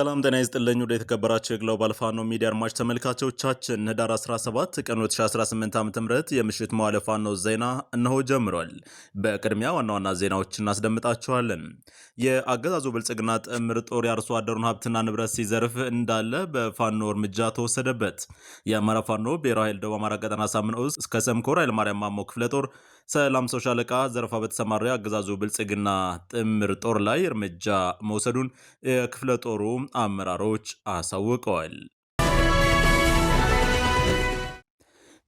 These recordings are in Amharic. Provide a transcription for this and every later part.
ሰላም ጤና ይስጥልኝ። ወደ የተከበራቸው የግሎባል ፋኖ ሚዲያ አድማጭ ተመልካቾቻችን ህዳር 17 ቀን 2018 ዓ ም የምሽት መዋለ ፋኖ ዜና እነሆ ጀምሯል። በቅድሚያ ዋና ዋና ዜናዎች እናስደምጣቸዋለን። የአገዛዙ ብልጽግና ጥምር ጦር የአርሶ አደሩን ሀብትና ንብረት ሲዘርፍ እንዳለ በፋኖ እርምጃ ተወሰደበት። የአማራ ፋኖ ብሔራዊ ኃይል ደቡብ አማራ ቀጠና ሳምንት ውስጥ እስከ ሰምኮር ኃይለማርያም ማሞ ክፍለ ጦር ሰላም ሰው ሻለቃ ዘረፋ በተሰማረ አገዛዙ ብልጽግና ጥምር ጦር ላይ እርምጃ መውሰዱን የክፍለ ጦሩ አመራሮች አሳውቀዋል።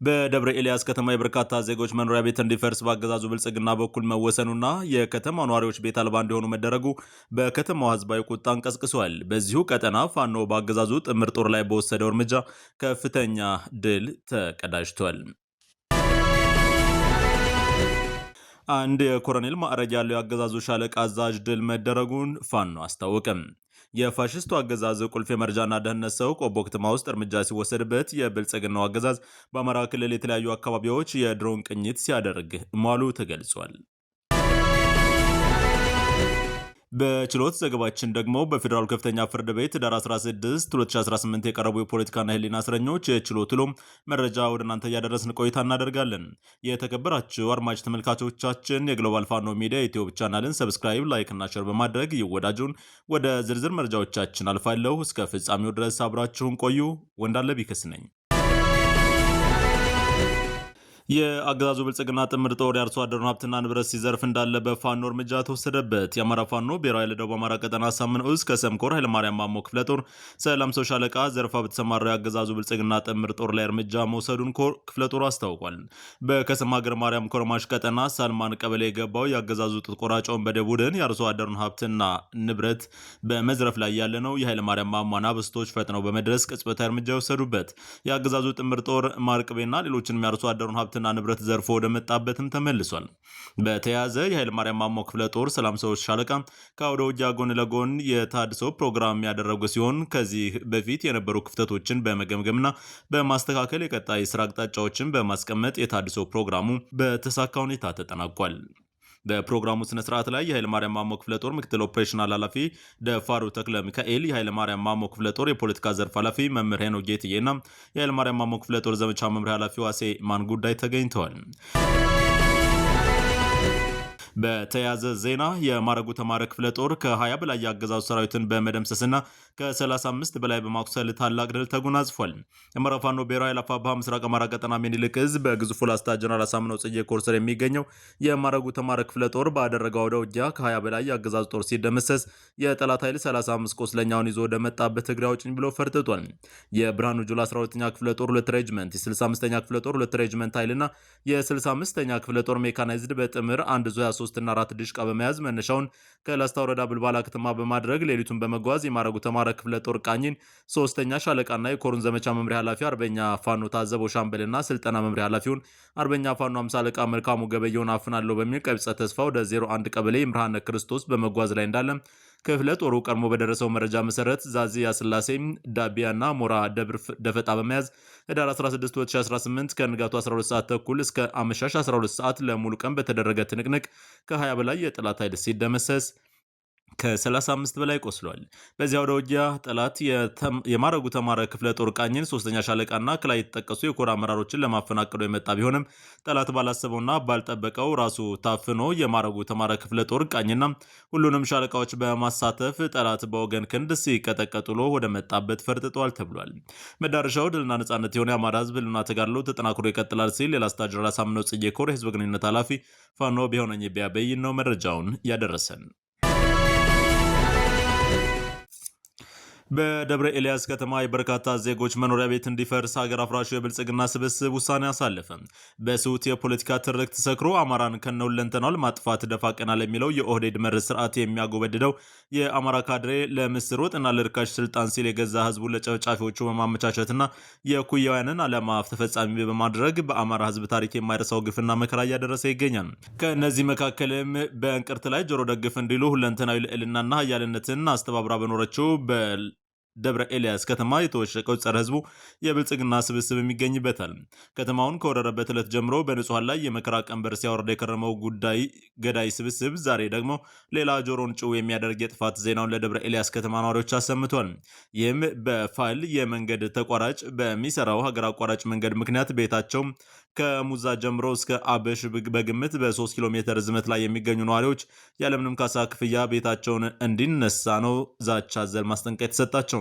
በደብረ ኤልያስ ከተማ የበርካታ ዜጎች መኖሪያ ቤት እንዲፈርስ በአገዛዙ ብልጽግና በኩል መወሰኑና የከተማ ነዋሪዎች ቤት አልባ እንዲሆኑ መደረጉ በከተማዋ ህዝባዊ ቁጣን ቀስቅሷል። በዚሁ ቀጠና ፋኖ በአገዛዙ ጥምር ጦር ላይ በወሰደው እርምጃ ከፍተኛ ድል ተቀዳጅቷል። አንድ የኮሎኔል ማዕረግ ያለው የአገዛዙ ሻለቃ አዛዥ ድል መደረጉን ፋኖ አስታወቅም። የፋሽስቱ አገዛዝ ቁልፍ የመረጃና ደህንነት ሰው ቆቦ ከተማ ውስጥ እርምጃ ሲወሰድበት የብልጽግናው አገዛዝ በአማራ ክልል የተለያዩ አካባቢዎች የድሮን ቅኝት ሲያደርግ ማሉ ተገልጿል። በችሎት ዘገባችን ደግሞ በፌዴራሉ ከፍተኛ ፍርድ ቤት ዳር 16 2018 የቀረቡ የፖለቲካና ህሊና እስረኞች የችሎት ውሎ መረጃ ወደ እናንተ እያደረስን ቆይታ እናደርጋለን። የተከበራችሁ አድማጭ ተመልካቾቻችን የግሎባል ፋኖ ሚዲያ ዩቲዩብ ቻናልን ሰብስክራይብ፣ ላይክ እና ሸር በማድረግ ይወዳጁን። ወደ ዝርዝር መረጃዎቻችን አልፋለሁ። እስከ ፍጻሜው ድረስ አብራችሁን ቆዩ። ወንዳለ ቢከስ ነኝ። የአገዛዙ ብልጽግና ጥምር ጦር የአርሶ አደሩን ሀብትና ንብረት ሲዘርፍ እንዳለ በፋኖ እርምጃ ተወሰደበት። የአማራ ፋኖ ብሔራዊ ለደቡብ አማራ ቀጠና ሳምን እዝ ከሰምኮር ኃይለማርያም ማሞ ክፍለ ጦር ሰላም ሰው ሻለቃ ዘርፋ በተሰማራው የአገዛዙ ብልጽግና ጥምር ጦር ላይ እርምጃ መውሰዱን ክፍለ ጦሩ አስታውቋል። በከሰማ ሀገር ማርያም ኮረማሽ ቀጠና ሳልማን ቀበሌ የገባው የአገዛዙ ጥቆራጫውን በደ ቡድን የአርሶ አደሩን ሀብትና ንብረት በመዝረፍ ላይ ያለ ነው። የኃይለማርያም ማሞ አናብስቶች ፈጥነው በመድረስ ቅጽበታዊ እርምጃ የወሰዱበት የአገዛዙ ጥምር ጦር ማርቅቤና ሌሎችንም የአርሶ አደሩን ሀብት ሀብትና ንብረት ዘርፎ ወደመጣበትም ተመልሷል። በተያያዘ የኃይለማርያም ማሞ ክፍለ ጦር ሰላም ሰዎች ሻለቃ ከአውደ ውጊያ ጎን ለጎን የታድሶ ፕሮግራም ያደረጉ ሲሆን ከዚህ በፊት የነበሩ ክፍተቶችን በመገምገምና በማስተካከል የቀጣይ ስራ አቅጣጫዎችን በማስቀመጥ የታድሶ ፕሮግራሙ በተሳካ ሁኔታ ተጠናቋል። በፕሮግራሙ ስነስርዓት ላይ ማርያም ማሞ ክፍለ ጦር ምክትል ኦፕሬሽናል ኃላፊ ደፋሩ ተክለ ሚካኤል፣ ማርያም ማሞ ክፍለ ጦር የፖለቲካ ዘርፍ ኃላፊ መምህር ሄኖክ ጌትዬና ማርያም ማሞ ክፍለ ጦር ዘመቻ መምሪያ ኃላፊ ዋሴ ማን ጉዳይ ተገኝተዋል። በተያያዘ ዜና የማረጉ ተማረ ክፍለ ጦር ከ20 በላይ የአገዛዙ ሰራዊትን በመደምሰስና ከ35 በላይ በማቁሰል ታላቅ ድል ተጎናጽፏል። የአማራ ፋኖ ብሔራዊ ኃይል ምስራቅ አማራ ቀጠና ምኒልክ ዕዝ በግዙፉ ላስታ ጀነራል አሳምነው ጽጌ ኮርሰር የሚገኘው የማረጉ ተማረ ክፍለ ጦር ባደረገው አውደ ውጊያ ከ20 በላይ የአገዛዙ ጦር ሲደመሰስ የጠላት ኃይል 35 ቆስለኛውን ይዞ ወደመጣበት እግሬ አውጭኝ ብሎ ፈርጥቷል። የብርሃኑ ጁላ 12ኛ ክፍለ ጦር ሁለት ሬጅመንት፣ የ65ኛ ክፍለ ጦር ሁለት ሬጅመንት ኃይልና የ65ኛ ክፍለ ጦር ሜካናይዝድ በጥምር አንድ ዙ ሶስትና አራት 4 ድሽቃ በመያዝ መነሻውን ከላስታ ወረዳ ብልባላ ከተማ በማድረግ ሌሊቱን በመጓዝ የማረጉ ተማረ ክፍለ ጦር ቃኝን ሶስተኛ ሻለቃና የኮሩን ዘመቻ መምሪያ ኃላፊ አርበኛ ፋኖ ታዘበው ሻምበልና ስልጠና መምሪያ ኃላፊውን አርበኛ ፋኖ አምሳ አለቃ መልካሙ ገበየውን አፍናለሁ በሚል ቀቢጸ ተስፋ ወደ 01 ቀበሌ የምርሃነ ክርስቶስ በመጓዝ ላይ እንዳለ ክፍለ ጦሩ ቀድሞ በደረሰው መረጃ መሰረት ዛዚያ ስላሴ፣ ዳቢያና ሞራ ደብር ደፈጣ በመያዝ ህዳር 16 2018 ከንጋቱ 12 ሰዓት ተኩል እስከ አመሻሽ 12 ሰዓት ለሙሉ ቀን በተደረገ ትንቅንቅ ከ20 በላይ የጠላት ኃይል ሲደመሰስ ከ35 በላይ ቆስሏል። በዚያ ወደ ውጊያ ጠላት የማረጉ ተማረ ክፍለ ጦር ቃኝን ሶስተኛ ሻለቃና ከላይ የተጠቀሱ የኮር አመራሮችን ለማፈናቀሉ የመጣ ቢሆንም ጠላት ባላሰበውና ባልጠበቀው ራሱ ታፍኖ የማረጉ ተማረ ክፍለ ጦር ቃኝና ሁሉንም ሻለቃዎች በማሳተፍ ጠላት በወገን ክንድ ሲቀጠቀጥሎ ወደ መጣበት ፈርጥጠዋል ተብሏል። መዳረሻው ድልና ነጻነት የሆነ የአማራ ህዝብ ህልና ተጋድሎ ተጠናክሮ ይቀጥላል ሲል የላስታ ሳምነው ጽጌ ኮር የህዝብ ግንኙነት ኃላፊ ፋኖ ቢሆነኝ ቢያበይን ነው መረጃውን ያደረሰን። በደብረ ኤልያስ ከተማ የበርካታ ዜጎች መኖሪያ ቤት እንዲፈርስ ሀገር አፍራሹ የብልጽግና ስብስብ ውሳኔ አሳለፈ። በስሁት የፖለቲካ ትርክት ሰክሮ አማራን ከነሁለንተናው ለማጥፋት ደፋ ቀና የሚለው የኦህዴድ መር ስርዓት የሚያጎበድደው የአማራ ካድሬ ለምስር ወጥ ወጥና ለርካሽ ስልጣን ሲል የገዛ ህዝቡን ለጨፍጫፊዎቹ በማመቻቸትና የኩያውያንን ዓላማ ተፈጻሚ በማድረግ በአማራ ህዝብ ታሪክ የማይረሳው ግፍና መከራ እያደረሰ ይገኛል። ከእነዚህ መካከልም በእንቅርት ላይ ጆሮ ደግፍ እንዲሉ ሁለንተናዊ ልዕልናና ሀያልነትን አስተባብራ በኖረችው ደብረ ኤልያስ ከተማ የተወሸቀው ጸረ ህዝቡ የብልጽግና ስብስብ የሚገኝበታል። ከተማውን ከወረረበት ዕለት ጀምሮ በንጹሐን ላይ የመከራ ቀንበር ሲያወርድ የከረመው ጉዳይ ገዳይ ስብስብ ዛሬ ደግሞ ሌላ ጆሮን ጭው የሚያደርግ የጥፋት ዜናውን ለደብረ ኤልያስ ከተማ ነዋሪዎች አሰምቷል። ይህም በፋይል የመንገድ ተቋራጭ በሚሰራው ሀገር አቋራጭ መንገድ ምክንያት ቤታቸው ከሙዛ ጀምሮ እስከ አበሽ በግምት በ3 ኪሎ ሜትር ርዝመት ላይ የሚገኙ ነዋሪዎች ያለምንም ካሳ ክፍያ ቤታቸውን እንዲነሳ ነው ዛቻ ዘል ማስጠንቀቂያ የተሰጣቸው።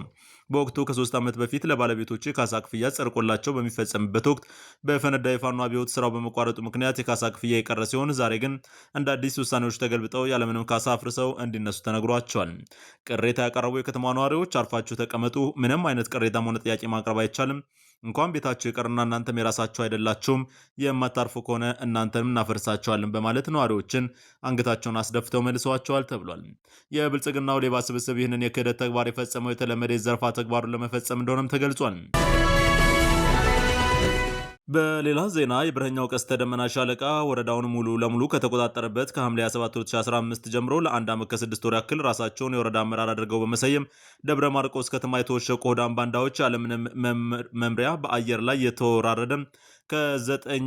በወቅቱ ከሶስት ዓመት በፊት ለባለቤቶች የካሳ ክፍያ ጸድቆላቸው በሚፈጸምበት ወቅት በፈነዳ የፋኖ አብዮት ስራው በመቋረጡ ምክንያት የካሳ ክፍያ የቀረ ሲሆን ዛሬ ግን እንደ አዲስ ውሳኔዎች ተገልብጠው ያለምንም ካሳ አፍርሰው እንዲነሱ ተነግሯቸዋል። ቅሬታ ያቀረቡ የከተማ ነዋሪዎች አርፋችሁ ተቀመጡ፣ ምንም አይነት ቅሬታም ሆነ ጥያቄ ማቅረብ አይቻልም እንኳን ቤታቸው ይቀርና እናንተም የራሳቸው አይደላችሁም፣ የማታርፉ ከሆነ እናንተንም እናፈርሳቸዋለን በማለት ነዋሪዎችን አንገታቸውን አስደፍተው መልሰዋቸዋል ተብሏል። የብልጽግናው ሌባ ስብስብ ይህንን የክህደት ተግባር የፈጸመው የተለመደ የዘርፋ ተግባሩን ለመፈጸም እንደሆነም ተገልጿል። በሌላ ዜና የብርሃኛው ቀስተ ደመና ሻለቃ ወረዳውን ሙሉ ለሙሉ ከተቆጣጠረበት ከሐምሌ 27 2015 ጀምሮ ለአንድ ዓመት ከስድስት ወር ያክል ራሳቸውን የወረዳ አመራር አድርገው በመሰየም ደብረ ማርቆስ ከተማ የተወሸቁ ሆዳም ባንዳዎች ያለምንም መምሪያ በአየር ላይ የተወራረደ ከዘጠኝ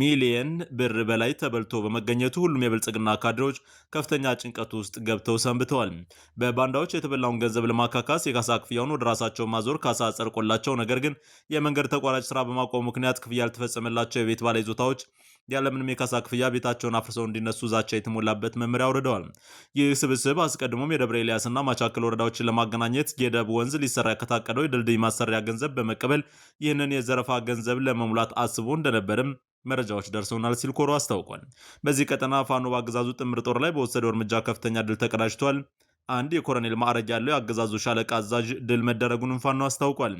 ሚሊየን ብር በላይ ተበልቶ በመገኘቱ ሁሉም የብልጽግና ካድሬዎች ከፍተኛ ጭንቀት ውስጥ ገብተው ሰንብተዋል። በባንዳዎች የተበላውን ገንዘብ ለማካካስ የካሳ ክፍያውን ወደ ራሳቸው ማዞር ካሳ ጸድቆላቸው፣ ነገር ግን የመንገድ ተቋራጭ ስራ በማቆሙ ምክንያት ክፍያ ያልተፈጸመላቸው የቤት ይዞታዎች። ያለምንም የካሳ ክፍያ ቤታቸውን አፍርሰው እንዲነሱ ዛቻ የተሞላበት መመሪያ አውርደዋል። ይህ ስብስብ አስቀድሞም የደብረ ኤልያስና ማቻክል ወረዳዎችን ለማገናኘት የደብ ወንዝ ሊሰራ ከታቀደው የድልድይ ማሰሪያ ገንዘብ በመቀበል ይህንን የዘረፋ ገንዘብ ለመሙላት አስቦ እንደነበርም መረጃዎች ደርሰውናል ሲል ኮሮ አስታውቋል። በዚህ ቀጠና ፋኖ በአገዛዙ ጥምር ጦር ላይ በወሰደው እርምጃ ከፍተኛ ድል ተቀዳጅቷል። አንድ የኮረኔል ማዕረግ ያለው የአገዛዙ ሻለቃ አዛዥ ድል መደረጉንም ፋኖ አስታውቋል።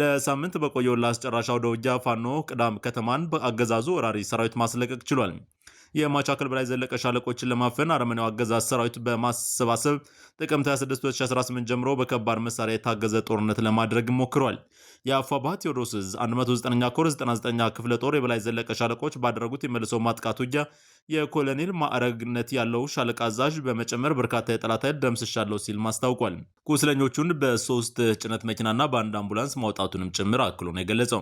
ለሳምንት በቆየው አስጨራሽ አውደ ውጊያ ፋኖ ቅዳም ከተማን በአገዛዙ ወራሪ ሰራዊት ማስለቀቅ ችሏል። የማቻከል በላይ ዘለቀ ሻለቆችን ለማፈን አረመኔው አገዛዝ ሰራዊት በማሰባሰብ ጥቅምት 26 2018 ጀምሮ በከባድ መሳሪያ የታገዘ ጦርነት ለማድረግ ሞክሯል። የአፏባህ ቴዎድሮስ ዕዝ ኛ ኮር 99ኛ ክፍለ ጦር የበላይ ዘለቀ ሻለቆች ባደረጉት የመልሶ ማጥቃት ውጊያ የኮሎኔል ማዕረግነት ያለው ሻለቃ አዛዥ በመጨመር በርካታ የጠላት ኃይል ደምስሻለሁ ሲል ማስታውቋል። ቁስለኞቹን በሶስት ጭነት መኪናና በአንድ አምቡላንስ ማውጣቱንም ጭምር አክሎ ነው የገለጸው።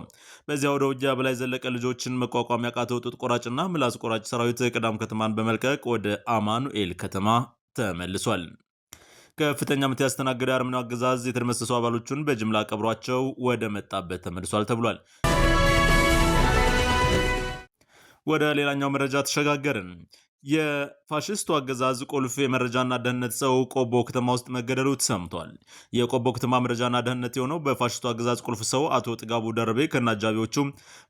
በዚያ ወደ ውጊያ በላይ ዘለቀ ልጆችን መቋቋም ያቃተው ጡት ቆራጭና ምላስ ቆራጭ ሰራዊት ቅዳም ከተማን በመልቀቅ ወደ አማኑኤል ከተማ ተመልሷል። ከፍተኛ ምት ያስተናገደ አርምናው አገዛዝ የተደመሰሱ አባሎቹን በጅምላ ቀብሯቸው ወደ መጣበት ተመልሷል ተብሏል። ወደ ሌላኛው መረጃ ተሸጋገርን። የፋሽስቱ አገዛዝ ቁልፍ የመረጃና ደህንነት ሰው ቆቦ ከተማ ውስጥ መገደሉ ተሰምቷል። የቆቦ ከተማ መረጃና ደህንነት የሆነው በፋሽስቱ አገዛዝ ቁልፍ ሰው አቶ ጥጋቡ ደርቤ ከናጃቢዎቹ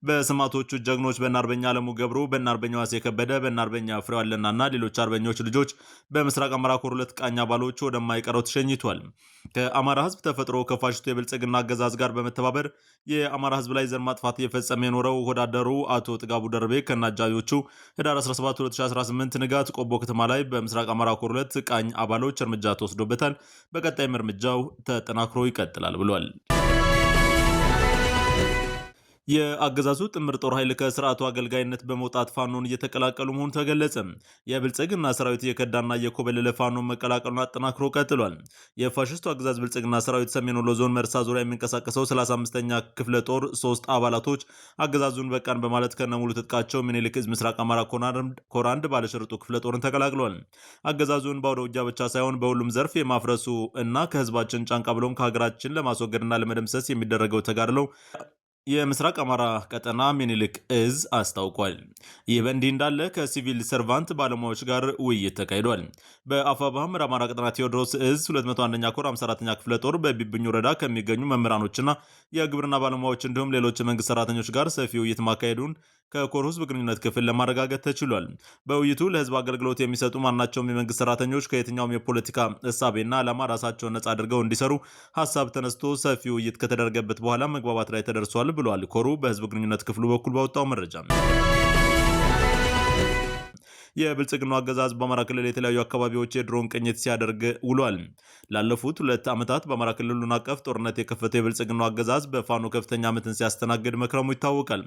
በስማቶቹ ጀግኖች በእነ አርበኛ አለሙ ገብሩ፣ በእነ አርበኛ ዋሴ ከበደ፣ በእነ አርበኛ ፍሬው አለናና ሌሎች አርበኞች ልጆች በምስራቅ አማራ ኮር ሁለት ቃኛ አባሎቹ ወደማይቀረው ተሸኝቷል። ከአማራ ህዝብ ተፈጥሮ ከፋሽስቱ የብልጽግና አገዛዝ ጋር በመተባበር የአማራ ህዝብ ላይ ዘር ማጥፋት እየፈጸመ የኖረው ወዳደሩ አቶ ጥጋቡ ደርቤ ከናጃቢዎቹ ህዳር 17 2018 ሳምንት ንጋት ቆቦ ከተማ ላይ በምስራቅ አማራ ኮር ሁለት ቃኝ አባሎች እርምጃ ተወስዶበታል። በቀጣይም እርምጃው ተጠናክሮ ይቀጥላል ብሏል። የአገዛዙ ጥምር ጦር ኃይል ከስርዓቱ አገልጋይነት በመውጣት ፋኖን እየተቀላቀሉ መሆኑ ተገለጸ። የብልጽግና ሰራዊት የከዳና የኮበለለ ፋኖን መቀላቀሉን አጠናክሮ ቀጥሏል። የፋሽስቱ አገዛዝ ብልጽግና ሰራዊት ሰሜን ወሎ ዞን መርሳ ዙሪያ የሚንቀሳቀሰው 35ኛ ክፍለ ጦር ሶስት አባላቶች አገዛዙን በቃን በማለት ከነሙሉ ትጥቃቸው ምኒልክ ዕዝ ምስራቅ አማራ ኮራንድ ባለሽርጡ ክፍለ ጦርን ተቀላቅሏል። አገዛዙን በአውደ ውጊያ ብቻ ሳይሆን በሁሉም ዘርፍ የማፍረሱ እና ከህዝባችን ጫንቃ ብሎም ከሀገራችን ለማስወገድና ለመደምሰስ የሚደረገው ተጋድለው የምስራቅ አማራ ቀጠና ሚኒልክ እዝ አስታውቋል። ይህ በእንዲህ እንዳለ ከሲቪል ሰርቫንት ባለሙያዎች ጋር ውይይት ተካሂዷል። በአፋባ ምዕራብ አማራ ቀጠና ቴዎድሮስ እዝ 21ኛ ኮር 54ኛ ክፍለ ጦር በቢብኙ ወረዳ ከሚገኙ መምህራኖችና የግብርና ባለሙያዎች እንዲሁም ሌሎች የመንግስት ሰራተኞች ጋር ሰፊ ውይይት ማካሄዱን ከኮር ህዝብ ግንኙነት ክፍል ለማረጋገጥ ተችሏል። በውይይቱ ለህዝብ አገልግሎት የሚሰጡ ማናቸውም የመንግስት ሰራተኞች ከየትኛውም የፖለቲካ እሳቤና ዓላማ ራሳቸውን ነጻ አድርገው እንዲሰሩ ሀሳብ ተነስቶ ሰፊ ውይይት ከተደረገበት በኋላ መግባባት ላይ ተደርሷል ብሏል ኮሩ በህዝብ ግንኙነት ክፍሉ በኩል ባወጣው መረጃ የብልጽግናው አገዛዝ በአማራ ክልል የተለያዩ አካባቢዎች የድሮን ቅኝት ሲያደርግ ውሏል። ላለፉት ሁለት ዓመታት በአማራ ክልሉን አቀፍ ጦርነት የከፈተው የብልጽግና አገዛዝ በፋኖ ከፍተኛ ምትን ሲያስተናግድ መክረሙ ይታወቃል።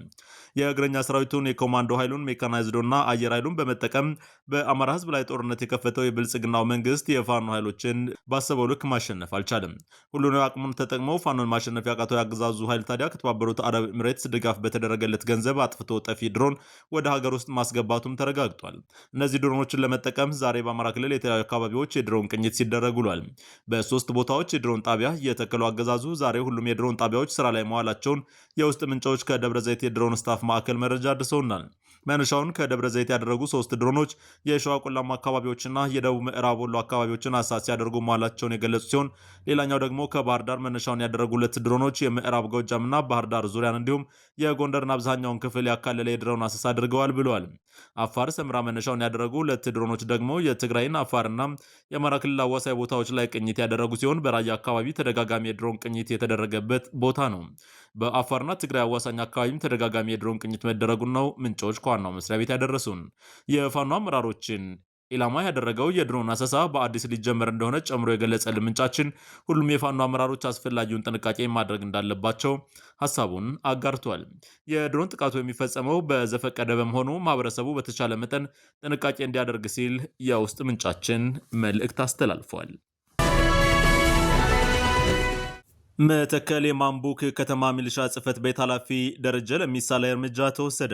የእግረኛ ሰራዊቱን፣ የኮማንዶ ኃይሉን፣ ሜካናይዝዶና አየር ኃይሉን በመጠቀም በአማራ ህዝብ ላይ ጦርነት የከፈተው የብልጽግናው መንግስት የፋኖ ኃይሎችን ባሰበው ልክ ማሸነፍ አልቻለም። ሁሉን አቅሙን ተጠቅመው ፋኖን ማሸነፍ ያቃተው የአገዛዙ ኃይል ታዲያ ከተባበሩት አረብ ኤምሬትስ ድጋፍ በተደረገለት ገንዘብ አጥፍቶ ጠፊ ድሮን ወደ ሀገር ውስጥ ማስገባቱም ተረጋግጧል። እነዚህ ድሮኖችን ለመጠቀም ዛሬ በአማራ ክልል የተለያዩ አካባቢዎች የድሮን ቅኝት ሲደረግ ውሏል። በሶስት ቦታዎች የድሮን ጣቢያ የተከለው አገዛዙ ዛሬ ሁሉም የድሮን ጣቢያዎች ስራ ላይ መዋላቸውን የውስጥ ምንጫዎች ከደብረ ዘይት የድሮን ስታፍ ማዕከል መረጃ አድርሰውናል። መነሻውን ከደብረ ዘይት ያደረጉ ሶስት ድሮኖች የሸዋ ቆላማ አካባቢዎችና የደቡብ ምዕራብ ወሎ አካባቢዎችን አሳ ሲያደርጉ መዋላቸውን የገለጹ ሲሆን ሌላኛው ደግሞ ከባህር ዳር መነሻውን ያደረጉ ሁለት ድሮኖች የምዕራብ ጎጃምና ባህር ዳር ዙሪያን እንዲሁም የጎንደርን አብዛኛውን ክፍል ያካለለ የድሮን አሰሳ አድርገዋል ብለዋል። አፋር ሰምራ መነሻውን ያደረጉ ሁለት ድሮኖች ደግሞ የትግራይን አፋርና የአማራ ክልል አዋሳኝ ቦታዎች ላይ ቅኝት ያደረጉ ሲሆን በራያ አካባቢ ተደጋጋሚ የድሮን ቅኝት የተደረገበት ቦታ ነው። በአፋርና ትግራይ አዋሳኝ አካባቢም ተደጋጋሚ የድሮን ቅኝት መደረጉን ነው ምንጮች ከዋናው መስሪያ ቤት ያደረሱን። የፋኖ አመራሮችን ኢላማ ያደረገው የድሮን አሰሳ በአዲስ ሊጀመር እንደሆነ ጨምሮ የገለጸልን ምንጫችን ሁሉም የፋኖ አመራሮች አስፈላጊውን ጥንቃቄ ማድረግ እንዳለባቸው ሀሳቡን አጋርቷል። የድሮን ጥቃቱ የሚፈጸመው በዘፈቀደ በመሆኑ ማህበረሰቡ በተቻለ መጠን ጥንቃቄ እንዲያደርግ ሲል የውስጥ ምንጫችን መልእክት አስተላልፏል። መተከል የማምቡክ ከተማ ሚሊሻ ጽህፈት ቤት ኃላፊ ደረጀ ለሚሳ ላይ እርምጃ ተወሰደ።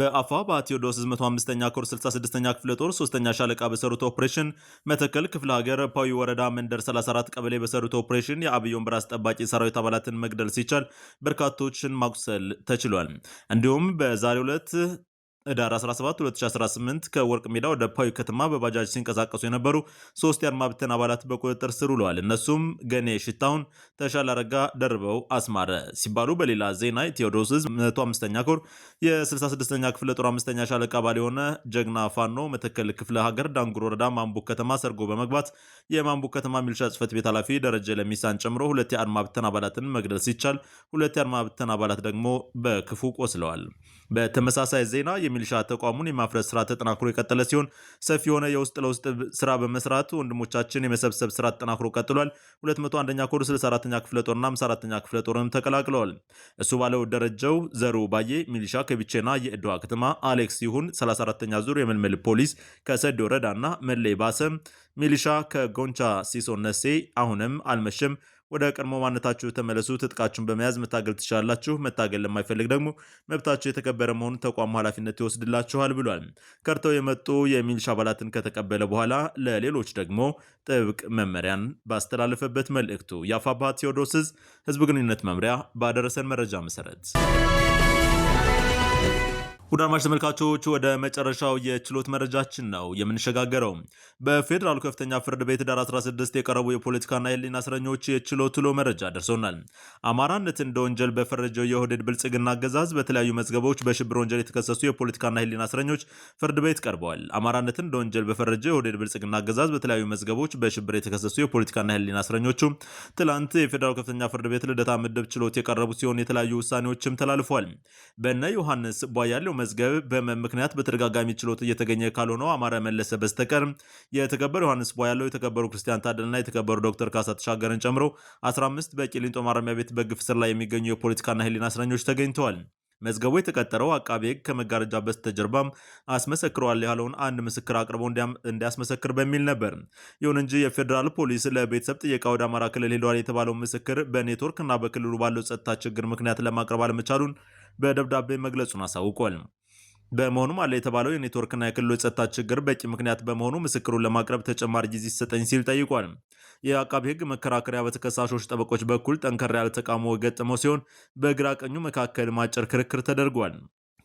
በአፋባ ቴዎድሮስ 105ኛ ኮር 66ኛ ክፍለ ጦር 3ኛ ሻለቃ በሰሩት ኦፕሬሽን መተከል ክፍለ ሀገር ፓዊ ወረዳ መንደር 34 ቀበሌ በሰሩት ኦፕሬሽን የአብዮን ብራስ ጠባቂ ሰራዊት አባላትን መግደል ሲቻል በርካቶችን ማቁሰል ተችሏል። እንዲሁም በዛሬው ዕለት ህዳር 17 2018 ከወርቅ ሜዳ ወደ ፓዊ ከተማ በባጃጅ ሲንቀሳቀሱ የነበሩ ሶስት የአድማብተን አባላት በቁጥጥር ስር ውለዋል። እነሱም ገኔ ሽታውን፣ ተሻለ አረጋ፣ ደርበው አስማረ ሲባሉ በሌላ ዜና የቴዎድሮስ ዕዝ 105ኛ ኮር የ66ኛ ክፍለ ጦር አምስተኛ ሻለቃ አባል የሆነ ጀግና ፋኖ መተከል ክፍለ ሀገር ዳንጉር ወረዳ ማንቡክ ከተማ ሰርጎ በመግባት የማንቡክ ከተማ ሚልሻ ጽህፈት ቤት ኃላፊ ደረጀ ለሚሳን ጨምሮ ሁለት የአድማብተን አባላትን መግደል ሲቻል ሁለት የአድማብተን አባላት ደግሞ በክፉ ቆስለዋል። በተመሳሳይ ዜና የሚሊሻ ተቋሙን የማፍረስ ስራ ተጠናክሮ የቀጠለ ሲሆን ሰፊ የሆነ የውስጥ ለውስጥ ስራ በመስራት ወንድሞቻችን የመሰብሰብ ስራ ተጠናክሮ ቀጥሏል 21 201ኛ ኮር 64ኛ ክፍለ ጦርና 54ኛ ክፍለ ጦርንም ተቀላቅለዋል። እሱ ባለው ደረጃው ዘሩ ባዬ ሚሊሻ ከቢቼና የእድዋ ከተማ፣ አሌክስ ይሁን 34ኛ ዙር የመልመል ፖሊስ ከሰድ ወረዳና መለይ ባሰ ሚሊሻ ከጎንቻ ሲሶነሴ አሁንም አልመሸም ወደ ቀድሞ ማንነታችሁ ተመለሱ። ትጥቃችሁን በመያዝ መታገል ትችላላችሁ። መታገል ለማይፈልግ ደግሞ መብታቸው የተከበረ መሆኑን ተቋሙ ኃላፊነት ይወስድላችኋል ብሏል። ከርተው የመጡ የሚልሽ አባላትን ከተቀበለ በኋላ ለሌሎች ደግሞ ጥብቅ መመሪያን ባስተላለፈበት መልእክቱ የአፋባ ቴዎድሮስ ህዝብ ግንኙነት መምሪያ ባደረሰን መረጃ መሰረት ውድ አድማጭ ተመልካቾች ወደ መጨረሻው የችሎት መረጃችን ነው የምንሸጋገረው። በፌዴራሉ ከፍተኛ ፍርድ ቤት ዳር 16 የቀረቡ የፖለቲካና የህሊና እስረኞች የችሎት ውሎ መረጃ ደርሶናል። አማራነት እንደ ወንጀል በፈረጀው የወደድ ብልጽግና አገዛዝ በተለያዩ መዝገቦች በሽብር ወንጀል የተከሰሱ የፖለቲካና ህሊና እስረኞች ፍርድ ቤት ቀርበዋል። አማራነት እንደ ወንጀል በፈረጀው የወደድ ብልጽግና አገዛዝ በተለያዩ መዝገቦች በሽብር የተከሰሱ የፖለቲካና ህሊና እስረኞቹ ትላንት የፌዴራሉ ከፍተኛ ፍርድ ቤት ልደታ ምድብ ችሎት የቀረቡ ሲሆን የተለያዩ ውሳኔዎችም ተላልፏል። በነ ዮሐንስ ቧያለው መዝገብ በህመም ምክንያት በተደጋጋሚ ችሎት እየተገኘ ካልሆነው አማረ መለሰ በስተቀር የተከበሩ ዮሐንስ ያለው የተከበሩ ክርስቲያን ታደልና የተከበሩ ዶክተር ካሳ ተሻገርን ጨምሮ 15 በቂሊንጦ ማረሚያ ቤት በግፍ ስር ላይ የሚገኙ የፖለቲካና ህሊና እስረኞች ተገኝተዋል። መዝገቡ የተቀጠረው አቃቤ ህግ ከመጋረጃ በስተጀርባም አስመሰክረዋል ያለውን አንድ ምስክር አቅርቦ እንዲያስመሰክር በሚል ነበር። ይሁን እንጂ የፌዴራል ፖሊስ ለቤተሰብ ጥየቃ ወደ አማራ ክልል ሄደዋል የተባለው ምስክር በኔትወርክ እና በክልሉ ባለው ጸጥታ ችግር ምክንያት ለማቅረብ አለመቻሉን በደብዳቤ መግለጹን አሳውቋል። በመሆኑም አለ የተባለው የኔትወርክና የክልሉ የጸጥታ ችግር በቂ ምክንያት በመሆኑ ምስክሩን ለማቅረብ ተጨማሪ ጊዜ ሲሰጠኝ ሲል ጠይቋል። የአቃቢ ሕግ መከራከሪያ በተከሳሾች ጠበቆች በኩል ጠንከር ያለ ተቃውሞ ሲሆን በግራ ቀኙ መካከል አጭር ክርክር ተደርጓል።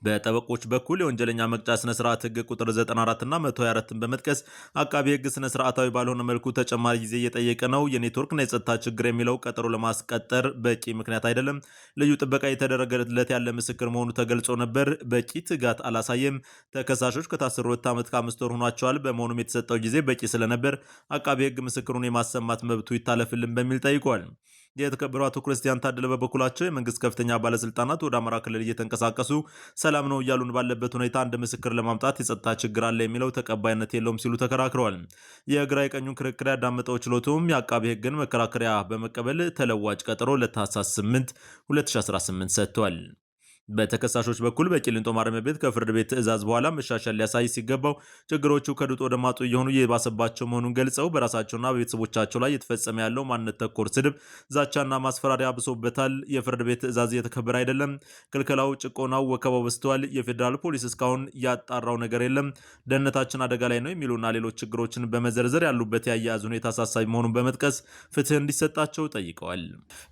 በጠበቆች በኩል የወንጀለኛ መቅጫ ስነስርዓት ህግ ቁጥር 94ና 124 በመጥቀስ አቃቢ ህግ ስነስርዓታዊ ባልሆነ መልኩ ተጨማሪ ጊዜ እየጠየቀ ነው። የኔትወርክና የጸጥታ ችግር የሚለው ቀጠሮ ለማስቀጠር በቂ ምክንያት አይደለም። ልዩ ጥበቃ የተደረገለት ያለ ምስክር መሆኑ ተገልጾ ነበር። በቂ ትጋት አላሳየም። ተከሳሾች ከታሰሩ ሁለት ዓመት ከአምስት ወር ሆኗቸዋል። በመሆኑም የተሰጠው ጊዜ በቂ ስለነበር አቃቢ ህግ ምስክሩን የማሰማት መብቱ ይታለፍልን በሚል ጠይቋል። የተከበሩ አቶ ክርስቲያን ታደለ በበኩላቸው የመንግስት ከፍተኛ ባለስልጣናት ወደ አማራ ክልል እየተንቀሳቀሱ ሰላም ነው እያሉን ባለበት ሁኔታ አንድ ምስክር ለማምጣት የጸጥታ ችግር አለ የሚለው ተቀባይነት የለውም ሲሉ ተከራክረዋል። የግራ የቀኙን ክርክር ያዳመጠው ችሎቱም የአቃቢ ህግን መከራከሪያ በመቀበል ተለዋጭ ቀጠሮ ለታህሳስ 8 2018 ሰጥቷል። በተከሳሾች በኩል በቂሊንጦ ማረሚያ ቤት ከፍርድ ቤት ትዕዛዝ በኋላ መሻሻል ሊያሳይ ሲገባው ችግሮቹ ከድጡ ወደ ማጡ እየሆኑ የባሰባቸው መሆኑን ገልጸው በራሳቸውና በቤተሰቦቻቸው ላይ እየተፈጸመ ያለው ማንነት ተኮር ስድብ፣ ዛቻና ማስፈራሪያ ብሶበታል። የፍርድ ቤት ትዕዛዝ እየተከበረ አይደለም። ክልከላው፣ ጭቆናው፣ ወከባው በስተዋል። የፌዴራል ፖሊስ እስካሁን ያጣራው ነገር የለም። ደህንነታችን አደጋ ላይ ነው የሚሉና ሌሎች ችግሮችን በመዘርዘር ያሉበት የአያያዝ ሁኔታ አሳሳቢ መሆኑን በመጥቀስ ፍትህ እንዲሰጣቸው ጠይቀዋል።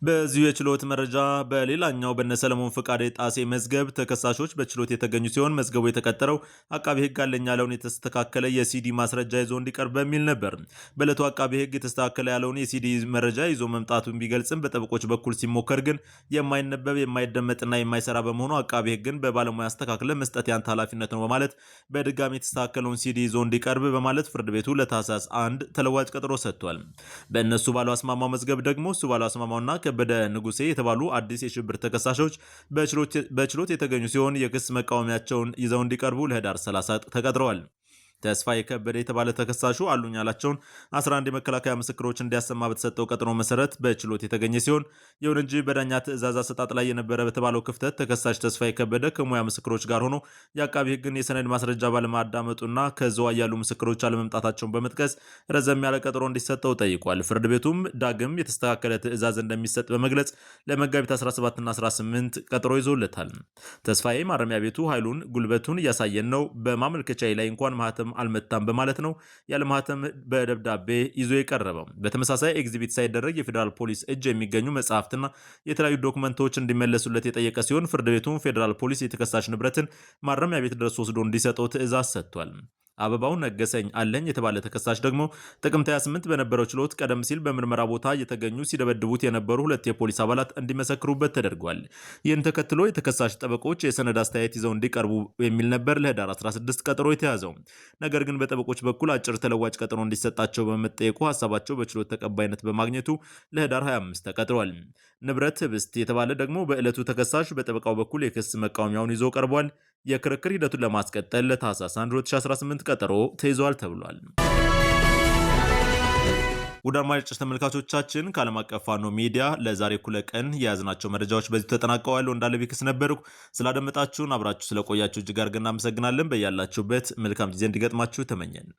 በዚሁ የችሎት መረጃ በሌላኛው በነሰለሞን ፈቃድ ጣሴ የስላሴ መዝገብ ተከሳሾች በችሎት የተገኙ ሲሆን መዝገቡ የተቀጠረው አቃቢ ሕግ አለኝ ያለውን የተስተካከለ የሲዲ ማስረጃ ይዞ እንዲቀርብ በሚል ነበር። በለቱ አቃቢ ሕግ የተስተካከለ ያለውን የሲዲ መረጃ ይዞ መምጣቱን ቢገልጽም በጠበቆች በኩል ሲሞከር ግን የማይነበብ የማይደመጥና የማይሰራ በመሆኑ አቃቢ ሕግን በባለሙያ አስተካክለ መስጠት ያንተ ኃላፊነት ነው በማለት በድጋሚ የተስተካከለውን ሲዲ ይዞ እንዲቀርብ በማለት ፍርድ ቤቱ ለታህሳስ አንድ ተለዋጭ ቀጠሮ ሰጥቷል። በእነሱ ባሉ አስማማው መዝገብ ደግሞ እሱ ባሉ አስማማውና ከበደ ንጉሴ የተባሉ አዲስ የሽብር ተከሳሾች በችሎት የተገኙ ሲሆን የክስ መቃወሚያቸውን ይዘው እንዲቀርቡ ለህዳር 30 ተቀጥረዋል። ተስፋዬ ከበደ የተባለ ተከሳሹ አሉኝ ያላቸውን 11 የመከላከያ ምስክሮች እንዲያሰማ በተሰጠው ቀጠሮ መሰረት በችሎት የተገኘ ሲሆን ይሁን እንጂ በዳኛ ትዕዛዝ አሰጣጥ ላይ የነበረ በተባለው ክፍተት ተከሳሽ ተስፋ የከበደ ከሙያ ምስክሮች ጋር ሆኖ የአቃቢ ሕግን የሰነድ ማስረጃ ባለማዳመጡና ከዘዋ ያሉ ምስክሮች አለመምጣታቸውን በመጥቀስ ረዘም ያለ ቀጠሮ እንዲሰጠው ጠይቋል። ፍርድ ቤቱም ዳግም የተስተካከለ ትዕዛዝ እንደሚሰጥ በመግለጽ ለመጋቢት 17ና 18 ቀጠሮ ይዞለታል። ተስፋዬ ማረሚያ ቤቱ ኃይሉን ጉልበቱን እያሳየን ነው፣ በማመልከቻ ላይ እንኳን ማህተም አልመታም በማለት ነው ያለማህተም በደብዳቤ ይዞ የቀረበው። በተመሳሳይ ኤግዚቢት ሳይደረግ የፌዴራል ፖሊስ እጅ የሚገኙ መጽሐፍትና የተለያዩ ዶክመንቶች እንዲመለሱለት የጠየቀ ሲሆን ፍርድ ቤቱም ፌዴራል ፖሊስ የተከሳሽ ንብረትን ማረሚያ ቤት ድረስ ወስዶ እንዲሰጠው ትዕዛዝ ሰጥቷል። አበባው ነገሰኝ አለኝ የተባለ ተከሳሽ ደግሞ ጥቅምት 28 በነበረው ችሎት ቀደም ሲል በምርመራ ቦታ እየተገኙ ሲደበድቡት የነበሩ ሁለት የፖሊስ አባላት እንዲመሰክሩበት ተደርጓል። ይህን ተከትሎ የተከሳሽ ጠበቆች የሰነድ አስተያየት ይዘው እንዲቀርቡ የሚል ነበር ለህዳር 16 ቀጠሮ የተያዘው። ነገር ግን በጠበቆች በኩል አጭር ተለዋጭ ቀጠሮ እንዲሰጣቸው በመጠየቁ ሀሳባቸው በችሎት ተቀባይነት በማግኘቱ ለህዳር 25 ተቀጥሯል። ንብረት ህብስት የተባለ ደግሞ በዕለቱ ተከሳሽ በጠበቃው በኩል የክስ መቃወሚያውን ይዞ ቀርቧል። የክርክር ሂደቱን ለማስቀጠል ለታህሳስ 1 2018 ቀጠሮ ተይዟል ተብሏል። ውድ አድማጮች ተመልካቾቻችን ከዓለም አቀፍ ፋኖ ሚዲያ ለዛሬ እኩለ ቀን የያዝናቸው መረጃዎች በዚሁ ተጠናቀዋል። እንዳለ ቢክስ ነበርኩ። ስላደመጣችሁን አብራችሁ ስለቆያችሁ እጅግ አድርገን እናመሰግናለን። በያላችሁበት መልካም ጊዜ እንዲገጥማችሁ ተመኘን።